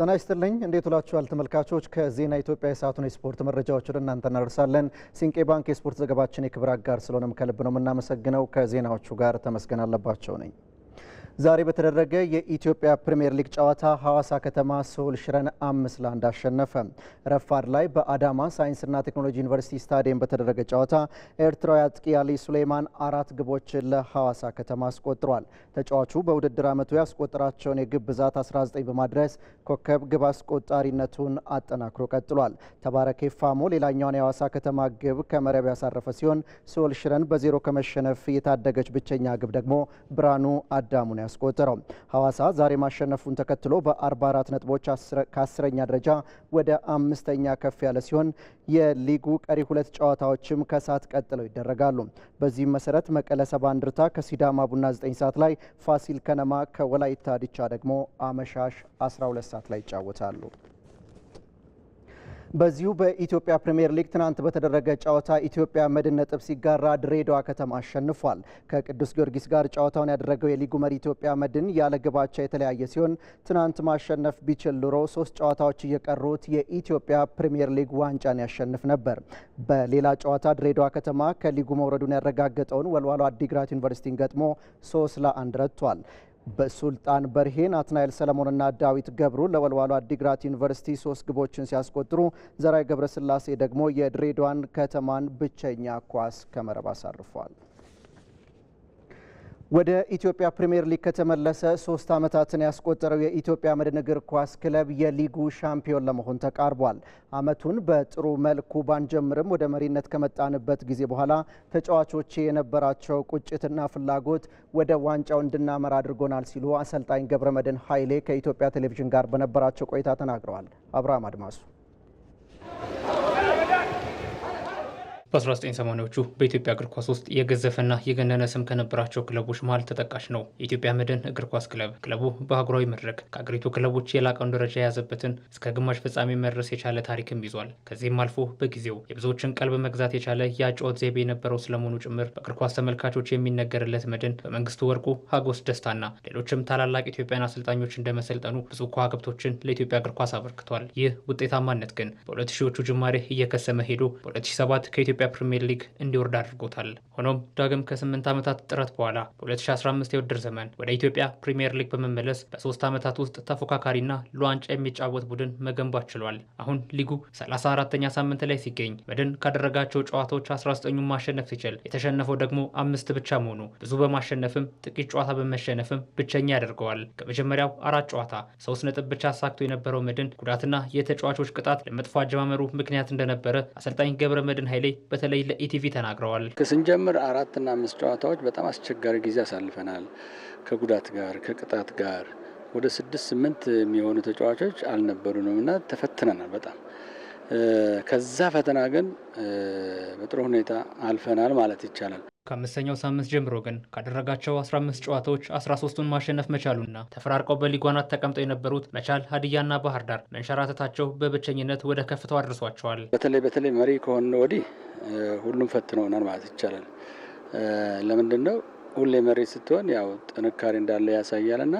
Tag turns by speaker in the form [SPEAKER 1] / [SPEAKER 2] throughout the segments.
[SPEAKER 1] ጤና ይስጥልኝ እንዴት ውላችኋል ተመልካቾች ከዜና ኢትዮጵያ የሰዓቱን የስፖርት መረጃዎች ወደ እናንተ እናደርሳለን ሲንቄ ባንክ የስፖርት ዘገባችን የክብር አጋር ስለሆነም ከልብ ነው የምናመሰግነው ከዜናዎቹ ጋር ተመስገን አለባቸው ነኝ ዛሬ በተደረገ የኢትዮጵያ ፕሪምየር ሊግ ጨዋታ ሐዋሳ ከተማ ሶል ሽረን አምስት ለአንድ አሸነፈ። ረፋድ ላይ በአዳማ ሳይንስና ቴክኖሎጂ ዩኒቨርሲቲ ስታዲየም በተደረገ ጨዋታ ኤርትራዊ አጥቂ አሊ ሱሌይማን አራት ግቦችን ለሐዋሳ ከተማ አስቆጥሯል። ተጫዋቹ በውድድር ዓመቱ ያስቆጠራቸውን የግብ ብዛት 19 በማድረስ ኮከብ ግብ አስቆጣሪነቱን አጠናክሮ ቀጥሏል። ተባረኬ ፋሞ ሌላኛውን የሐዋሳ ከተማ ግብ ከመረብ ያሳረፈ ሲሆን ሶል ሽረን በዜሮ ከመሸነፍ የታደገች ብቸኛ ግብ ደግሞ ብርሃኑ አዳሙ ነው ያስቆጠረው። ሐዋሳ ዛሬ ማሸነፉን ተከትሎ በ44 ነጥቦች ከአስረኛ ደረጃ ወደ አምስተኛ ከፍ ያለ ሲሆን የሊጉ ቀሪ ሁለት ጨዋታዎችም ከሰዓት ቀጥለው ይደረጋሉ። በዚህም መሰረት መቀለ ሰባ እንደርታ ከሲዳማ ቡና 9 ሰዓት ላይ፣ ፋሲል ከነማ ከወላይታ ዲቻ ደግሞ አመሻሽ 12 ሰዓት ላይ ይጫወታሉ። በዚሁ በኢትዮጵያ ፕሪምየር ሊግ ትናንት በተደረገ ጨዋታ ኢትዮጵያ መድን ነጥብ ሲጋራ ድሬዳዋ ከተማ አሸንፏል። ከቅዱስ ጊዮርጊስ ጋር ጨዋታውን ያደረገው የሊጉ መሪ ኢትዮጵያ መድን ያለ ግብ የተለያየ ሲሆን ትናንት ማሸነፍ ቢችል ኑሮ ሶስት ጨዋታዎች እየቀሩት የኢትዮጵያ ፕሪምየር ሊግ ዋንጫን ያሸንፍ ነበር። በሌላ ጨዋታ ድሬዳዋ ከተማ ከሊጉ መውረዱን ያረጋገጠውን ወልዋሎ አዲግራት ዩኒቨርሲቲን ገጥሞ ሶስት ለአንድ ረቷል። በሱልጣን በርሄ ናትናኤል ሰለሞንና ዳዊት ገብሩ ለወልዋሎ አዲግራት ዩኒቨርሲቲ ሶስት ግቦችን ሲያስቆጥሩ ዘራይ ገብረስላሴ ደግሞ የድሬዳዋን ከተማን ብቸኛ ኳስ ከመረብ አሳርፏል። ወደ ኢትዮጵያ ፕሪምየር ሊግ ከተመለሰ ሶስት ዓመታትን ያስቆጠረው የኢትዮጵያ መድን እግር ኳስ ክለብ የሊጉ ሻምፒዮን ለመሆን ተቃርቧል። ዓመቱን በጥሩ መልኩ ባንጀምርም ወደ መሪነት ከመጣንበት ጊዜ በኋላ ተጫዋቾቼ የነበራቸው ቁጭትና ፍላጎት ወደ ዋንጫው እንድናመራ አድርጎናል ሲሉ አሰልጣኝ ገብረ መድን ኃይሌ ከኢትዮጵያ ቴሌቪዥን ጋር በነበራቸው ቆይታ ተናግረዋል። አብርሃም አድማሱ
[SPEAKER 2] በ1980ዎቹ በኢትዮጵያ እግር ኳስ ውስጥ የገዘፈና የገነነ ስም ከነበራቸው ክለቦች መሀል ተጠቃሽ ነው የኢትዮጵያ መድን እግር ኳስ ክለብ። ክለቡ በአህጉራዊ መድረክ ከአገሪቱ ክለቦች የላቀውን ደረጃ የያዘበትን እስከ ግማሽ ፍጻሜ መድረስ የቻለ ታሪክም ይዟል። ከዚህም አልፎ በጊዜው የብዙዎችን ቀልብ መግዛት የቻለ የአጨዋወት ዘይቤ የነበረው ስለመሆኑ ጭምር በእግር ኳስ ተመልካቾች የሚነገርለት መድን በመንግስቱ ወርቁ፣ ሀጎስ ደስታና ሌሎችም ታላላቅ ኢትዮጵያን አሰልጣኞች እንደመሰልጠኑ ብዙ ከዋክብቶችን ለኢትዮጵያ እግር ኳስ አበርክቷል። ይህ ውጤታማነት ግን በ2000ዎቹ ጅማሬ እየከሰመ ሄዶ በ2007 ከኢትዮ ከኢትዮጵያ ፕሪምየር ሊግ እንዲወርድ አድርጎታል። ሆኖም ዳግም ከስምንት ዓመታት ጥረት በኋላ በ2015 የውድድር ዘመን ወደ ኢትዮጵያ ፕሪምየር ሊግ በመመለስ በሶስት ዓመታት ውስጥ ተፎካካሪና ለዋንጫ የሚጫወት ቡድን መገንባት ችሏል። አሁን ሊጉ 34 ተኛ ሳምንት ላይ ሲገኝ መድን ካደረጋቸው ጨዋታዎች 19ኙ ማሸነፍ ሲችል የተሸነፈው ደግሞ አምስት ብቻ መሆኑ ብዙ በማሸነፍም ጥቂት ጨዋታ በመሸነፍም ብቸኛ ያደርገዋል። ከመጀመሪያው አራት ጨዋታ ሶስት ነጥብ ብቻ አሳክቶ የነበረው መድን ጉዳትና የተጫዋቾች ቅጣት ለመጥፎ አጀማመሩ ምክንያት እንደነበረ አሰልጣኝ ገብረ መድን ኃይሌ በተለይ ለኢቲቪ ተናግረዋል።
[SPEAKER 3] ስንጀምር አራትና አምስት ጨዋታዎች በጣም አስቸጋሪ ጊዜ አሳልፈናል። ከጉዳት ጋር ከቅጣት ጋር ወደ ስድስት ስምንት የሚሆኑ ተጫዋቾች ነው እና ተፈትነናል በጣም ከዛ ፈተና ግን በጥሩ ሁኔታ አልፈናል ማለት ይቻላል።
[SPEAKER 2] ከአምስተኛው ሳምንት ጀምሮ ግን ካደረጋቸው 15 ጨዋታዎች 13ቱን ማሸነፍ መቻሉና ተፈራርቀው በሊጓናት ተቀምጠው የነበሩት መቻል፣ ሀዲያና ባህር ዳር መንሸራተታቸው በብቸኝነት ወደ ከፍታው አድርሷቸዋል።
[SPEAKER 3] በተለይ በተለይ መሪ ከሆነ ወዲህ ሁሉም ፈትነውናል ማለት ይቻላል። ለምንድን ነው ሁሌ መሪ ስትሆን ያው ጥንካሬ እንዳለ ያሳያልና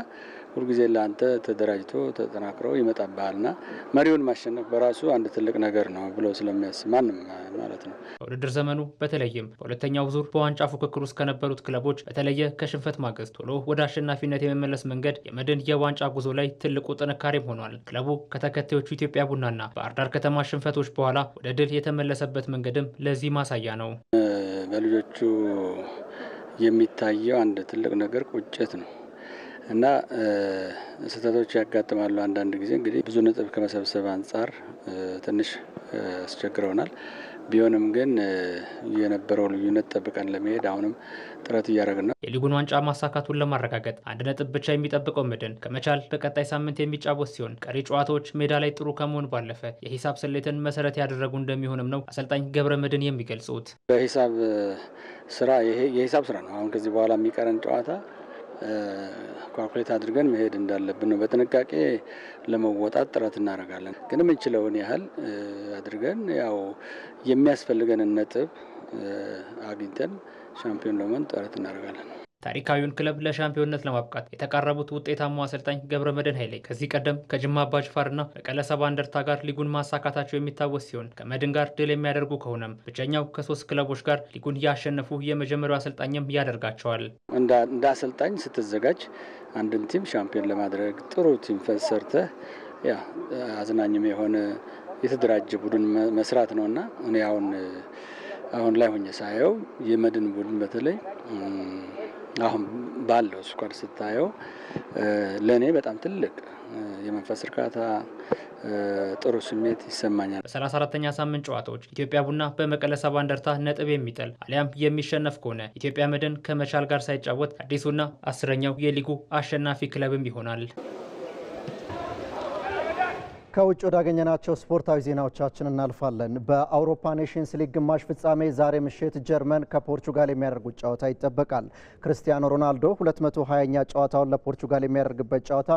[SPEAKER 3] ሁልጊዜ ለአንተ ተደራጅቶ ተጠናክረው ይመጣብሃልና መሪውን ማሸነፍ በራሱ አንድ ትልቅ ነገር ነው ብለው ስለሚያስብ ማንም ማለት ነው።
[SPEAKER 2] በውድድር ዘመኑ በተለይም በሁለተኛው ዙር በዋንጫ ፉክክር ውስጥ ከነበሩት ክለቦች በተለየ ከሽንፈት ማገዝ ቶሎ ወደ አሸናፊነት የመመለስ መንገድ የመድን የዋንጫ ጉዞ ላይ ትልቁ ጥንካሬም ሆኗል። ክለቡ ከተከታዮቹ ኢትዮጵያ ቡናና ባህርዳር ከተማ ሽንፈቶች በኋላ ወደ ድል የተመለሰበት መንገድም ለዚህ ማሳያ ነው።
[SPEAKER 3] በልጆቹ የሚታየው አንድ ትልቅ ነገር ቁጭት ነው። እና ስህተቶች ያጋጥማሉ። አንዳንድ ጊዜ እንግዲህ ብዙ ነጥብ ከመሰብሰብ አንጻር ትንሽ አስቸግረውናል። ቢሆንም ግን የነበረው ልዩነት ጠብቀን ለመሄድ አሁንም ጥረት እያደረግን ነው።
[SPEAKER 2] የሊጉን ዋንጫ ማሳካቱን ለማረጋገጥ አንድ ነጥብ ብቻ የሚጠብቀው መድን ከመቻል በቀጣይ ሳምንት የሚጫወት ሲሆን ቀሪ ጨዋታዎች ሜዳ ላይ ጥሩ ከመሆን ባለፈ የሂሳብ ስሌትን መሰረት ያደረጉ እንደሚሆንም ነው አሰልጣኝ ገብረ መድን የሚገልጹት።
[SPEAKER 3] በሂሳብ ስራ የሂሳብ ስራ ነው። አሁን ከዚህ በኋላ የሚቀረን ጨዋታ ኳኩሌት አድርገን መሄድ እንዳለብን ነው። በጥንቃቄ ለመወጣት ጥረት እናደርጋለን። ግን የምንችለውን ያህል አድርገን ያው የሚያስፈልገንን ነጥብ አግኝተን ሻምፒዮን ለመሆን ጥረት እናደርጋለን።
[SPEAKER 2] ታሪካዊውን ክለብ ለሻምፒዮንነት ለማብቃት የተቃረቡት ውጤታማው አሰልጣኝ ገብረ መድህን ኃይሌ ከዚህ ቀደም ከጅማ አባጅፋርና ከመቀለ ሰባ እንደርታ ጋር ሊጉን ማሳካታቸው የሚታወስ ሲሆን ከመድን ጋር ድል የሚያደርጉ ከሆነም ብቸኛው ከሶስት ክለቦች ጋር ሊጉን ያሸነፉ የመጀመሪያው አሰልጣኝም ያደርጋቸዋል።
[SPEAKER 3] እንደ አሰልጣኝ ስትዘጋጅ አንድን ቲም ሻምፒዮን ለማድረግ ጥሩ ቲም ሰርተህ ያ አዝናኝም የሆነ የተደራጀ ቡድን መስራት እና እኔ አሁን አሁን ላይ ሆኜ ሳየው የመድን ቡድን በተለይ አሁን ባለው ስኳር ስታየው ለእኔ በጣም ትልቅ የመንፈስ እርካታ ጥሩ ስሜት ይሰማኛል።
[SPEAKER 2] በሰላሳ አራተኛ ሳምንት ጨዋታዎች ኢትዮጵያ ቡና በመቀለ ሰባ እንደርታ ነጥብ የሚጥል አሊያም የሚሸነፍ ከሆነ ኢትዮጵያ መድን ከመቻል ጋር ሳይጫወት አዲሱና አስረኛው የሊጉ አሸናፊ ክለብም ይሆናል።
[SPEAKER 1] ከውጭ ወዳገኘናቸው ስፖርታዊ ዜናዎቻችን እናልፋለን። በአውሮፓ ኔሽንስ ሊግ ግማሽ ፍጻሜ ዛሬ ምሽት ጀርመን ከፖርቹጋል የሚያደርጉት ጨዋታ ይጠበቃል። ክርስቲያኖ ሮናልዶ 220ኛ ጨዋታውን ለፖርቹጋል የሚያደርግበት ጨዋታ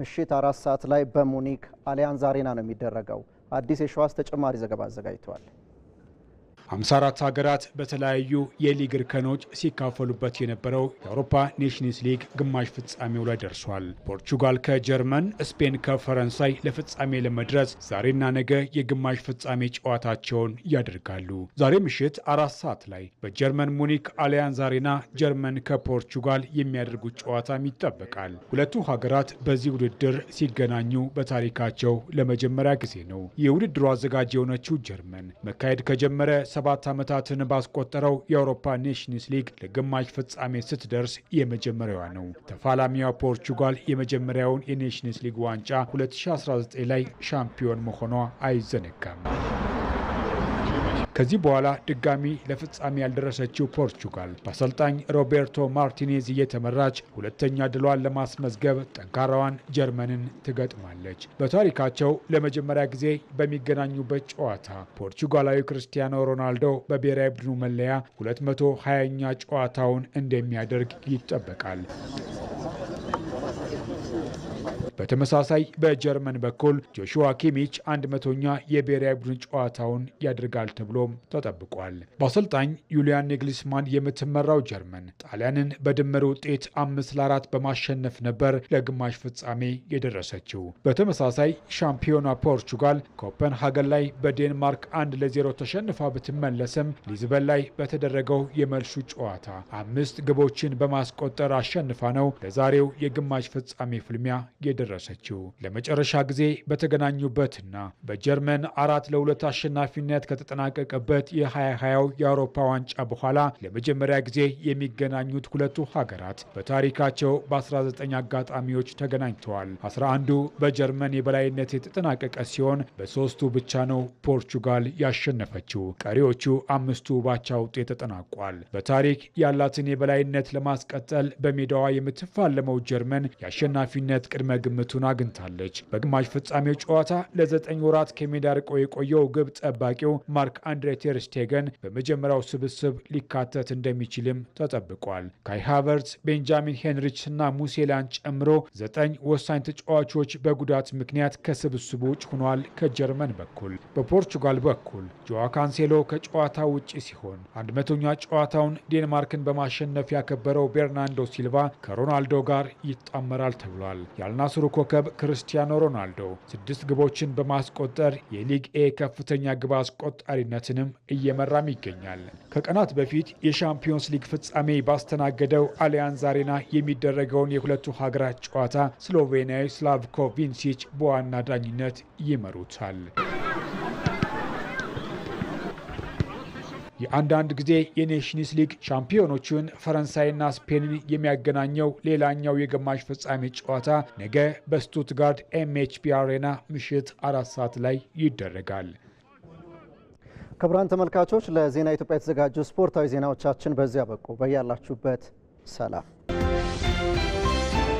[SPEAKER 1] ምሽት አራት ሰዓት ላይ በሙኒክ አሊያንዝ አሬና ነው የሚደረገው። አዲስ የሸዋስ ተጨማሪ ዘገባ አዘጋጅተዋል።
[SPEAKER 2] 54 ሀገራት በተለያዩ የሊግ እርከኖች ሲካፈሉበት የነበረው የአውሮፓ ኔሽንስ ሊግ ግማሽ ፍጻሜው ላይ ደርሷል። ፖርቹጋል ከጀርመን፣ ስፔን ከፈረንሳይ ለፍጻሜ ለመድረስ ዛሬና ነገ የግማሽ ፍጻሜ ጨዋታቸውን ያደርጋሉ። ዛሬ ምሽት አራት ሰዓት ላይ በጀርመን ሙኒክ አሊያንዝ አሬና ጀርመን ከፖርቹጋል የሚያደርጉት ጨዋታም ይጠበቃል። ሁለቱ ሀገራት በዚህ ውድድር ሲገናኙ በታሪካቸው ለመጀመሪያ ጊዜ ነው። የውድድሩ አዘጋጅ የሆነችው ጀርመን መካሄድ ከጀመረ ሰባት ዓመታትን ባስቆጠረው የአውሮፓ ኔሽንስ ሊግ ለግማሽ ፍጻሜ ስትደርስ የመጀመሪያዋ ነው። ተፋላሚዋ ፖርቹጋል የመጀመሪያውን የኔሽንስ ሊግ ዋንጫ 2019 ላይ ሻምፒዮን መሆኗ አይዘነጋም። ከዚህ በኋላ ድጋሚ ለፍጻሜ ያልደረሰችው ፖርቹጋል በአሰልጣኝ ሮቤርቶ ማርቲኔዝ እየተመራች ሁለተኛ ድሏን ለማስመዝገብ ጠንካራዋን ጀርመንን ትገጥማለች። በታሪካቸው ለመጀመሪያ ጊዜ በሚገናኙበት ጨዋታ ፖርቹጋላዊ ክርስቲያኖ ሮናልዶ በብሔራዊ ቡድኑ መለያ 220ኛ ጨዋታውን እንደሚያደርግ ይጠበቃል። በተመሳሳይ በጀርመን በኩል ጆሹዋ ኪሚች አንድ መቶኛ የብሔራዊ ቡድን ጨዋታውን ያደርጋል ተብሎም ተጠብቋል። በአሰልጣኝ ዩሊያን ኔግሊስማን የምትመራው ጀርመን ጣሊያንን በድምር ውጤት አምስት ለአራት በማሸነፍ ነበር ለግማሽ ፍጻሜ የደረሰችው። በተመሳሳይ ሻምፒዮና ፖርቹጋል ኮፐንሃገን ላይ በዴንማርክ አንድ ለዜሮ ተሸንፋ ብትመለስም ሊዝበን ላይ በተደረገው የመልሱ ጨዋታ አምስት ግቦችን በማስቆጠር አሸንፋ ነው ለዛሬው የግማሽ ፍጻሜ ፍልሚያ የደረ ደረሰችው። ለመጨረሻ ጊዜ በተገናኙበትና በጀርመን አራት ለሁለት አሸናፊነት ከተጠናቀቀበት የ2020 የአውሮፓ ዋንጫ በኋላ ለመጀመሪያ ጊዜ የሚገናኙት ሁለቱ ሀገራት በታሪካቸው በ19 አጋጣሚዎች ተገናኝተዋል። 11ዱ በጀርመን የበላይነት የተጠናቀቀ ሲሆን በሶስቱ ብቻ ነው ፖርቹጋል ያሸነፈችው። ቀሪዎቹ አምስቱ ባቻ ውጤት ተጠናቋል። በታሪክ ያላትን የበላይነት ለማስቀጠል በሜዳዋ የምትፋለመው ጀርመን የአሸናፊነት ቅድመ ግምት ግምቱን አግኝታለች። በግማሽ ፍጻሜው ጨዋታ ለዘጠኝ ወራት ከሜዳ ርቆ የቆየው ግብ ጠባቂው ማርክ አንድሬ ቴርስቴገን በመጀመሪያው ስብስብ ሊካተት እንደሚችልም ተጠብቋል። ካይ ሃቨርት፣ ቤንጃሚን ሄንሪች እና ሙሴላን ጨምሮ ዘጠኝ ወሳኝ ተጫዋቾች በጉዳት ምክንያት ከስብስቡ ውጭ ሆኗል። ከጀርመን በኩል በፖርቹጋል በኩል ጆዋ ካንሴሎ ከጨዋታ ውጭ ሲሆን አንድ መቶኛ ጨዋታውን ዴንማርክን በማሸነፍ ያከበረው ቤርናንዶ ሲልቫ ከሮናልዶ ጋር ይጣመራል ተብሏል። የአልናስሩ ኮከብ ክርስቲያኖ ሮናልዶ ስድስት ግቦችን በማስቆጠር የሊግ ኤ ከፍተኛ ግብ አስቆጣሪነትንም እየመራም ይገኛል። ከቀናት በፊት የሻምፒዮንስ ሊግ ፍጻሜ ባስተናገደው አሊያንዝ አሬና የሚደረገውን የሁለቱ ሀገራት ጨዋታ ስሎቬንያዊ ስላቭኮ ቪንሲች በዋና ዳኝነት ይመሩታል። የአንዳንድ ጊዜ የኔሽንስ ሊግ ሻምፒዮኖቹን ፈረንሳይና ስፔንን የሚያገናኘው ሌላኛው የግማሽ ፍጻሜ ጨዋታ ነገ በስቱትጋርድ ኤምኤችፒ አሬና ምሽት አራት ሰዓት ላይ ይደረጋል።
[SPEAKER 1] ክቡራን ተመልካቾች ለዜና ኢትዮጵያ የተዘጋጁ ስፖርታዊ ዜናዎቻችን በዚያ በቁ። በያላችሁበት ሰላም